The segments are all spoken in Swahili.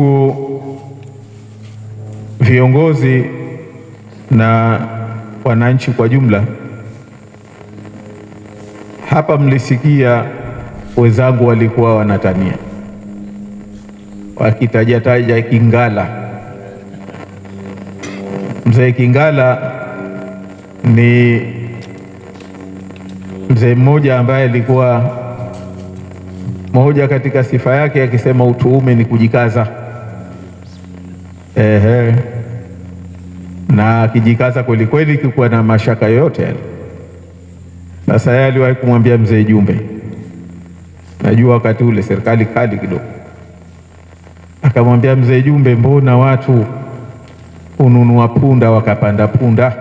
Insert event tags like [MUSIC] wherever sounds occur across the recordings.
Ndugu viongozi na wananchi kwa jumla, hapa mlisikia wenzangu walikuwa wanatania wakitajataja Kingala. Mzee Kingala ni mzee mmoja ambaye alikuwa moja katika sifa yake akisema utuume ni kujikaza ehe, na akijikaza kweli kweli, kikuwa na mashaka yoyote yale. Sasa yeye aliwahi kumwambia mzee Jumbe, najua wakati ule serikali kali kidogo, akamwambia mzee Jumbe, mbona watu hununua punda wakapanda punda,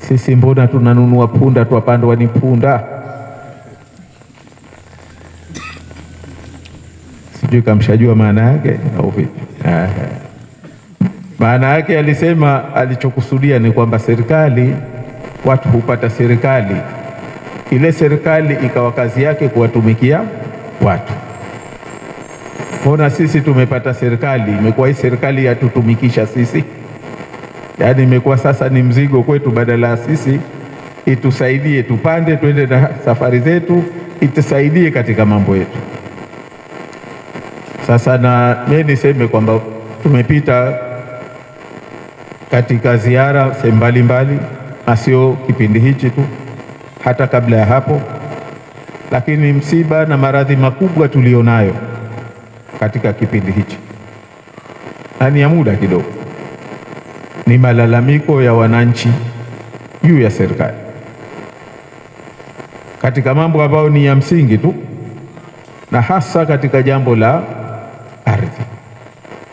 sisi mbona tunanunua punda twapandwa ni punda? sijui kamshajua maana yake au vipi? Maana yake alisema, alichokusudia ni kwamba serikali, watu hupata serikali, ile serikali ikawa kazi yake kuwatumikia watu. Mbona sisi tumepata serikali, imekuwa hii serikali yatutumikisha sisi, yaani imekuwa sasa ni mzigo kwetu, badala ya sisi itusaidie tupande, twende na safari zetu, itusaidie katika mambo yetu. Sasa na mimi niseme kwamba tumepita katika ziara sehemu mbalimbali, na sio kipindi hichi tu, hata kabla ya hapo. Lakini msiba na maradhi makubwa tulionayo katika kipindi hichi, na ni ya muda kidogo, ni malalamiko ya wananchi juu ya serikali katika mambo ambayo ni ya msingi tu, na hasa katika jambo la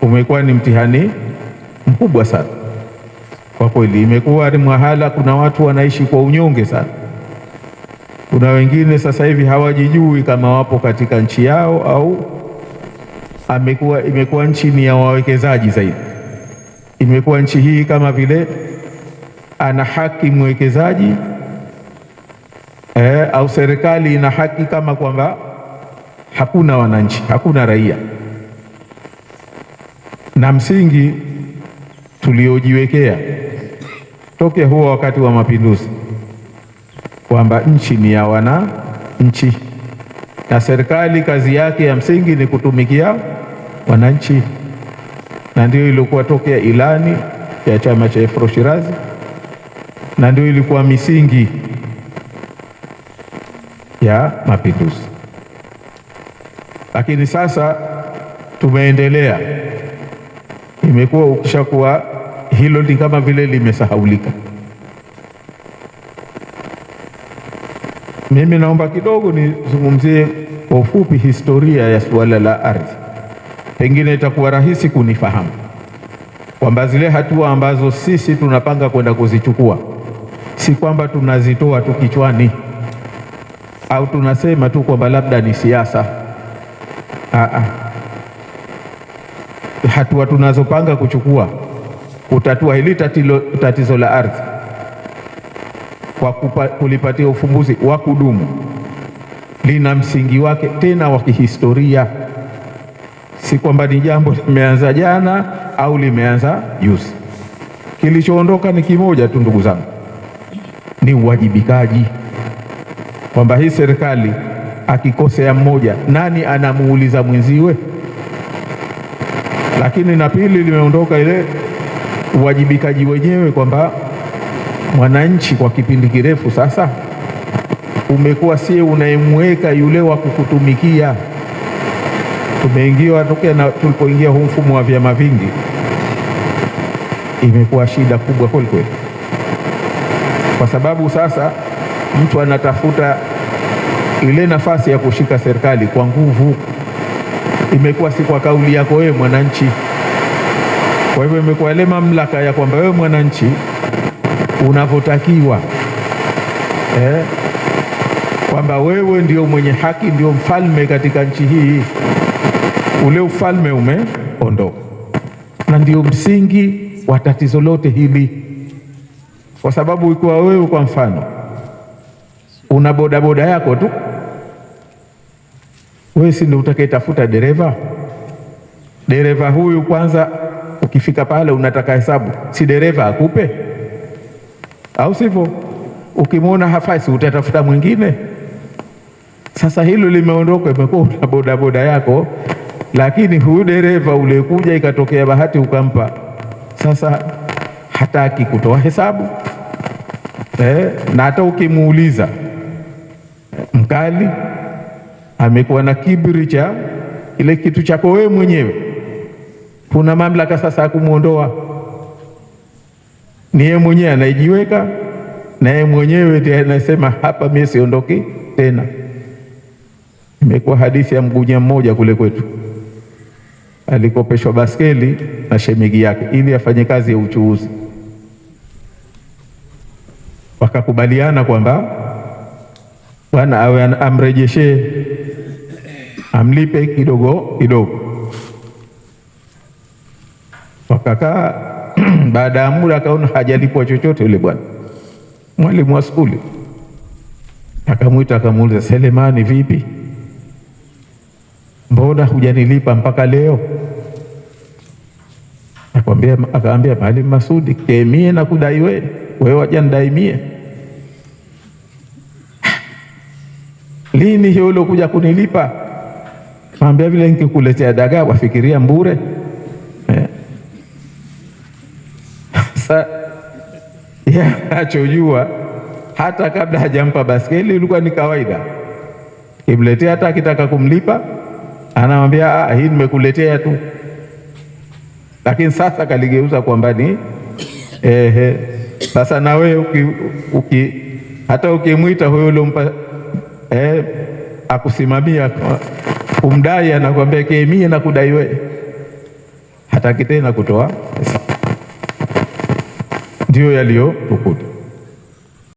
umekuwa ni mtihani mkubwa sana kwa kweli. Imekuwa ni mwahala, kuna watu wanaishi kwa unyonge sana. Kuna wengine sasa hivi hawajijui kama wapo katika nchi yao au amekuwa, imekuwa nchi ni ya wawekezaji zaidi. Imekuwa nchi hii kama vile ana haki mwekezaji eh, au serikali ina haki kama kwamba hakuna wananchi, hakuna raia na msingi tuliojiwekea tokea huo wakati wa mapinduzi kwamba nchi ni ya wananchi na serikali kazi yake ya msingi ni kutumikia wananchi, na ndio ilikuwa tokea ilani ya chama cha Afro Shirazi, na ndio ilikuwa misingi ya mapinduzi. Lakini sasa tumeendelea imekuwa ukishakuwa hilo ni kama vile limesahaulika. Mimi naomba kidogo nizungumzie kwa ufupi historia ya suala la ardhi, pengine itakuwa rahisi kunifahamu kwamba zile hatua ambazo sisi tunapanga kwenda kuzichukua si kwamba tunazitoa tu kichwani au tunasema tu kwamba labda ni siasa. Ah, ah hatua tunazopanga kuchukua kutatua hili tatilo, tatizo la ardhi kwa kupa, kulipatia ufumbuzi wa kudumu lina msingi wake tena wa kihistoria, si kwamba ni jambo limeanza jana au limeanza juzi. Kilichoondoka ni kimoja tu, ndugu zangu, ni uwajibikaji, kwamba hii serikali akikosea mmoja, nani anamuuliza mwenziwe? Lakini na pili, limeondoka ile uwajibikaji wenyewe kwamba mwananchi kwa kipindi kirefu sasa umekuwa sie unayemweka yule wa kukutumikia. Tumeingiwa tokea na tulipoingia huu mfumo wa vyama vingi, imekuwa shida kubwa kweli kweli, kwa sababu sasa mtu anatafuta ile nafasi ya kushika serikali kwa nguvu imekuwa si kwa kauli yako wewe mwananchi. Kwa hivyo imekuwa ile mamlaka ya kwamba wewe mwananchi unavyotakiwa eh, kwamba wewe ndio mwenye haki, ndio mfalme katika nchi hii. Ule ufalme umeondoka, na ndio msingi wa tatizo lote hili, kwa sababu ikiwa wewe kwa mfano una bodaboda yako tu wewe si ndio utakayetafuta dereva? Dereva huyu kwanza, ukifika pale unataka hesabu, si dereva akupe? Au sivyo, ukimwona hafasi utatafuta mwingine. Sasa hilo limeondoka, imekuwa una bodaboda yako, lakini huyu dereva ulikuja ikatokea bahati ukampa, sasa hataki kutoa hesabu eh, na hata ukimuuliza mkali amekuwa na kiburi cha kile kitu chako wewe mwenyewe. Kuna mamlaka sasa ya kumwondoa, ni yeye mwenyewe anayejiweka, na yeye mwenyewe ndiye anasema hapa, mimi siondoki tena. Imekuwa hadithi ya mgunya mmoja kule kwetu, alikopeshwa baskeli na shemigi yake ili afanye kazi ya uchuuzi. Wakakubaliana kwamba bwana awe amrejeshee amlipe kidogo kidogo. Wakakaa [CLEARS THROAT] baada ya muda akaona hajalipwa chochote yule bwana, mwalimu wa skuli akamwita akamuuliza, Selemani, vipi, mbona hujanilipa mpaka leo? Akamwambia, akaambia Maalim Masudi, kemie na kudai wewe, wewe wajanidai mie [CLEARS THROAT] lini hiyo uliokuja kunilipa Kaambia vile nikikuletea dagaa wafikiria mbure eh. Sa achojua hata kabla hajampa baskeli ilikuwa ni kawaida, kimletea hata akitaka kumlipa anamwambia ah, hii nimekuletea tu, lakini sasa kaligeuza kwamba ni ehe. Sasa na wewe uki, uki, hata ukimwita huyo uliompa eh, akusimamia Umdai anakuambia ke na kudai wewe, hataki tena kutoa pesa. yaliyo yaliyotukuta.